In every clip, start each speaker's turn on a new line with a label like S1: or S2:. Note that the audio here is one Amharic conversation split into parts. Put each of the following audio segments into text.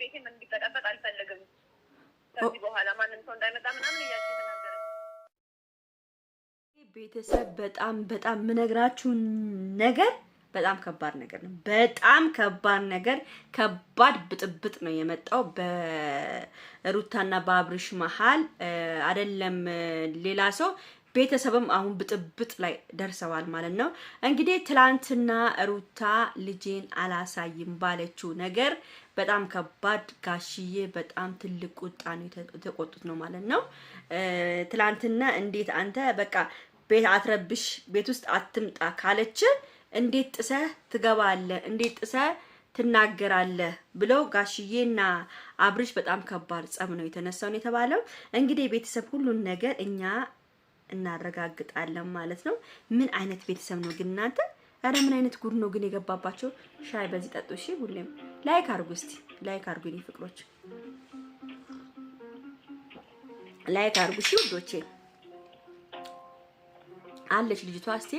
S1: ቤቴም እንዲበጠበጥ አልፈልግም። ከዚህ በኋላ ማንም ሰው እንዳይመጣ ምናምን እያልኩ ቤተሰብ በጣም በጣም የምነግራችሁ ነገር በጣም ከባድ ነገር ነው። በጣም ከባድ ነገር፣ ከባድ ብጥብጥ ነው የመጣው በሩታና በአብርሽ መሀል። አይደለም ሌላ ሰው ቤተሰብም አሁን ብጥብጥ ላይ ደርሰዋል ማለት ነው። እንግዲህ ትላንትና ሩታ ልጄን አላሳይም ባለችው ነገር በጣም ከባድ ጋሽዬ በጣም ትልቅ ቁጣ ነው የተቆጡት ነው ማለት ነው። ትላንትና እንዴት አንተ በቃ ቤት አትረብሽ፣ ቤት ውስጥ አትምጣ ካለች እንዴት ጥሰህ ትገባለህ? እንዴት ጥሰህ ትናገራለህ ብለው ጋሽዬና አብርሽ በጣም ከባድ ጸብ ነው የተነሳውን የተባለው እንግዲህ ቤተሰብ ሁሉን ነገር እኛ እናረጋግጣለን ማለት ነው። ምን አይነት ቤተሰብ ነው ግን እናንተ? ኧረ ምን አይነት ጉድ ነው ግን የገባባቸው? ሻይ በዚህ ጠጡ። እሺ ሁሌም ላይክ አርጉ፣ እስቲ ላይክ አርጉ፣ የኔ ፍቅሮች ላይክ አርጉ። እሺ ውዶቼ አለች ልጅቷ። እስቲ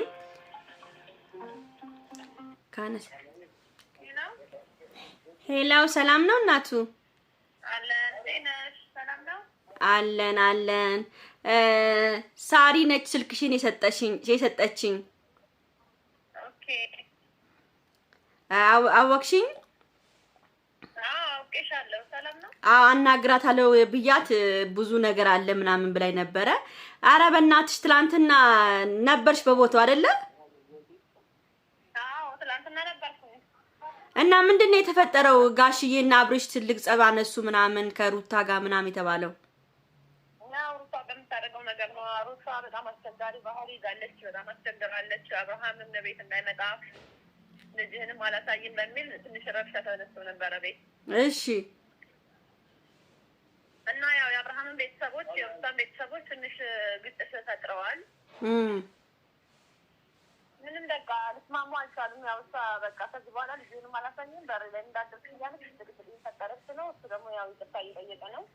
S1: ካነስ ሄላው ሰላም ነው እናቱ አለን አለን። ሳሪ ነች ስልክሽን የሰጠሽኝ የሰጠችኝ አወቅሽኝ? አዎ አናግራታለሁ ብያት ብዙ ነገር አለ ምናምን ብላይ ነበረ። አረ በእናትሽ ትላንትና ነበርሽ በቦታው አይደለ? እና ምንድን ነው የተፈጠረው? ጋሽዬና አብርሽ ትልቅ ጸባ ነሱ ምናምን ከሩታ ጋር ምናምን የተባለው
S2: ሩታ በጣም አስቸጋሪ ባህሪ ይዛለች። በጣም አስቸግራለች። አብርሃምም ቤት እንዳይመጣ ልጅህንም አላሳይም በሚል ትንሽ ረብሻ ተነስቶ ነበረ ቤት። እሺ እና ያው የአብርሃምን ቤተሰቦች የሩታን ቤተሰቦች ትንሽ ግጭት ተፈጥረዋል። ምንም በቃ ልስማሙ አልቻሉም። ያው እሷ በቃ ከዚህ በኋላ ልጅህንም አላሳይም በር ላይ እንዳደርግ እያለች ግጭት ፈጠረች ነው። እሱ ደግሞ ያው ይቅርታ እየጠየቀ ነው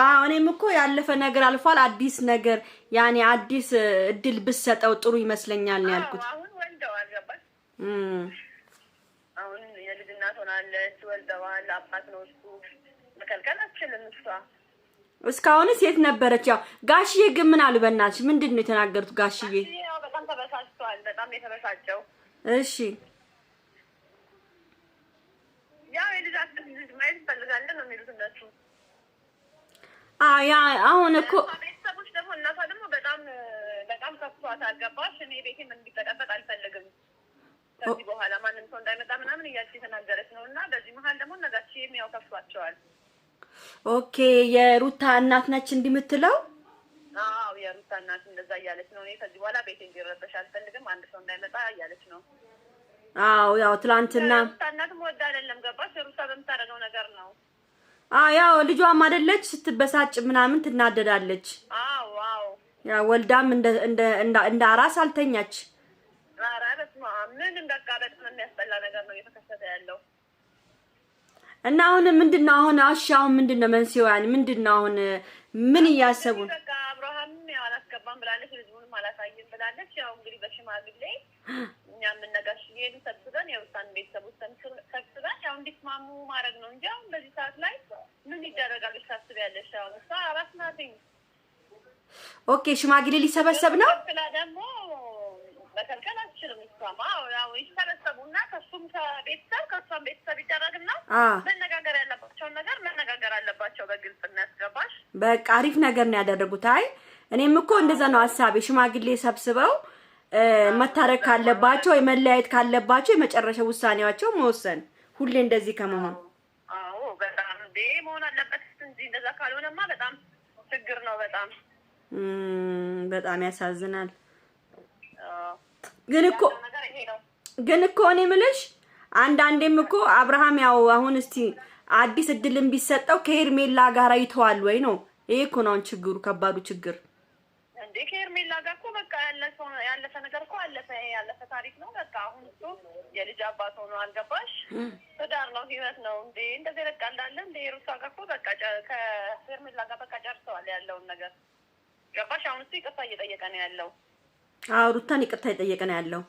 S1: አዎ እኔም እኮ ያለፈ ነገር አልፏል። አዲስ ነገር ያኔ አዲስ እድል ብሰጠው ጥሩ ይመስለኛል ነው ያልኩት።
S2: አሁን አሁን የልጅ እናት ሆናለች፣ ወልደዋል። አባት ነው እሱ፣ መከልከል እሷ።
S1: እስካሁን ሴት ነበረች። ያው ጋሽዬ ግን ምን አሉ? በእናትሽ ምንድን ነው የተናገሩት? ጋሽዬ
S2: በጣም ተበሳጭቷል። በጣም የተበሳጨው
S1: እሺ ያ አሁን እኮ
S2: ቤተሰቦች ደግሞ እናቷ ደግሞ በጣም በጣም ከፍቷታል። ገባሽ? እኔ ቤቴም እንዲበጠበጥ አልፈልግም ከዚህ በኋላ ማንም ሰው እንዳይመጣ ምናምን እያልሽ የተናገረች ነው። እና በዚህ መሀል ደግሞ እነጋች የሚያው ከፍቷቸዋል።
S1: ኦኬ የሩታ እናት ነች እንዲምትለው
S2: የምትለው? አዎ የሩታ እናት እንደዛ እያለች ነው። እኔ ከዚህ በኋላ ቤቴ እንዲረበሽ አልፈልግም፣ አንድ ሰው እንዳይመጣ እያለች ነው።
S1: አዎ ያው ትላንትና ሩታ
S2: እናትም ወዳ አይደለም ገባሽ? ሩታ በምታደርገው ነገር ነው
S1: ያው ልጇም አይደለች ስትበሳጭ ምናምን ትናደዳለች። ያ ወልዳም እንደ እንደ እንደ እንደ አራስ አልተኛች። እና አሁን ምንድን ነው አሁን አሻውን ምንድን ነው መንስኤው? ያን ምንድን ነው አሁን ምን እያሰቡ
S2: አናስገባም ብላለች፣ ህዝቡንም አላሳይም ብላለች። ያው እንግዲህ በሽማግሌ እኛ የምነጋሽ ሄዱ ሰብስበን የውሳን ቤተሰቦች ሰብስበን ያው እንዲስማሙ ማድረግ ነው እንጂ አሁን በዚህ ሰዓት ላይ ምን ይደረጋል ያለች ያው እሷ አራት ናትኝ።
S1: ኦኬ ሽማግሌ ሊሰበሰብ ነው
S2: ስላ ደግሞ መከልከል አትችልም። እሷማ ያው ይሰበሰቡና ከሱም ከቤተሰብ ከእሷም ቤተሰብ ይደረግና መነጋገር ያለባቸውን ነገር መነጋገር አለባቸው በግልጽ እናስገባሽ።
S1: በቃ አሪፍ ነገር ነው ያደረጉት። አይ እኔም እኮ እንደዛ ነው ሀሳቤ። ሽማግሌ ሰብስበው መታረቅ ካለባቸው ወይ መለያየት ካለባቸው የመጨረሻ ውሳኔያቸው መወሰን፣ ሁሌ እንደዚህ ከመሆን
S2: በጣም መሆን አለበት እንጂ እንደዛ ካልሆነማ በጣም ችግር ነው። በጣም
S1: በጣም ያሳዝናል። ግን እኮ ግን እኮ እኔ የምልሽ አንዳንዴም እኮ አብርሃም ያው አሁን እስቲ አዲስ እድል ቢሰጠው ከሄርሜላ ጋር ይተዋል ወይ ነው። ይሄ እኮ ነው አሁን ችግሩ፣ ከባዱ ችግር
S2: ያለፈ ነገር እኮ አለፈ፣ ይሄ ያለፈ ታሪክ ነው። በቃ አሁን እሱ የልጅ አባት ሆኖ አልገባሽ፣ ትዳር ነው፣ ህይወት ነው። እንዴ እንደዚህ በቃ እንዳለ እንደ ሩሳ ጋር እኮ በቃ ከፌርሜላ ጋር በቃ ጨርሰዋል ያለውን ነገር ገባሽ። አሁን እሱ ይቅርታ እየጠየቀ ነው ያለው።
S1: አዎ ሩታን ይቅርታ እየጠየቀ ነው ያለው።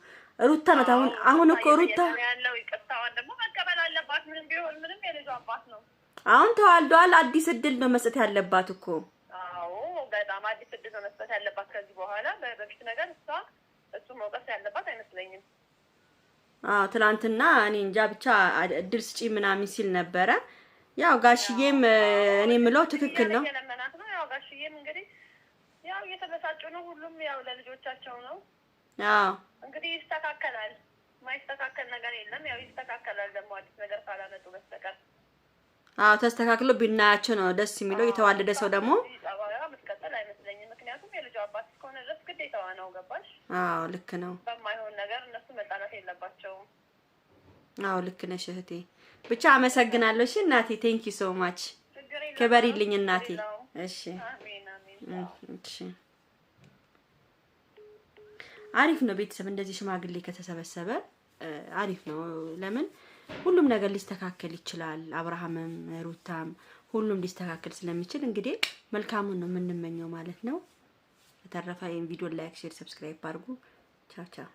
S1: ሩታ ናት አሁን አሁን እኮ ሩታ
S2: ያለው ይቅርታዋን ደግሞ መቀበል አለባት። ምንም ቢሆን ምንም የልጁ አባት ነው።
S1: አሁን ተዋልደዋል። አዲስ እድል ነው መስጠት ያለባት እኮ
S2: በጣም አዲስ እድል መመስጠት ያለባት ከዚህ በኋላ በፊት ነገር እሷ እሱ መውቀስ ያለባት አይመስለኝም።
S1: አዎ ትናንትና እኔ እንጃ ብቻ እድል ስጪ ምናምን ሲል ነበረ። ያው ጋሽዬም እኔ ምለው ትክክል ነው።
S2: ለመናት ነው ያው ጋሽዬም እንግዲህ ያው እየተበሳጩ ነው። ሁሉም ያው ለልጆቻቸው ነው። አዎ እንግዲህ ይስተካከላል። ማይስተካከል ነገር የለም። ያው ይስተካከላል ደግሞ አዲስ ነገር ካላመጡ በስተቀር።
S1: አዎ ተስተካክሎ ቢናያቸው ነው ደስ የሚለው። የተዋለደ ሰው ደግሞ
S2: አባት እስከሆነ ድረስ ግዴታዋ ነው። ገባሽ?
S1: አዎ ልክ ነው።
S2: በማይሆን ነገር እነሱ መጣናት የለባቸውም።
S1: አዎ ልክ ነሽ እህቴ። ብቻ አመሰግናለሁ። እሺ እናቴ፣ ቴንኪ ሶ ማች። ክበሪልኝ እናቴ። እሺ እሺ። አሪፍ ነው። ቤተሰብ እንደዚህ ሽማግሌ ከተሰበሰበ አሪፍ ነው። ለምን ሁሉም ነገር ሊስተካከል ይችላል። አብርሃምም ሩታም ሁሉም ሊስተካከል ስለሚችል እንግዲህ መልካሙን ነው የምንመኘው ማለት ነው። በተረፈ ይህን ቪዲዮ ላይክ፣ ሼር፣ ሰብስክራይብ አድርጉ። ቻው ቻው።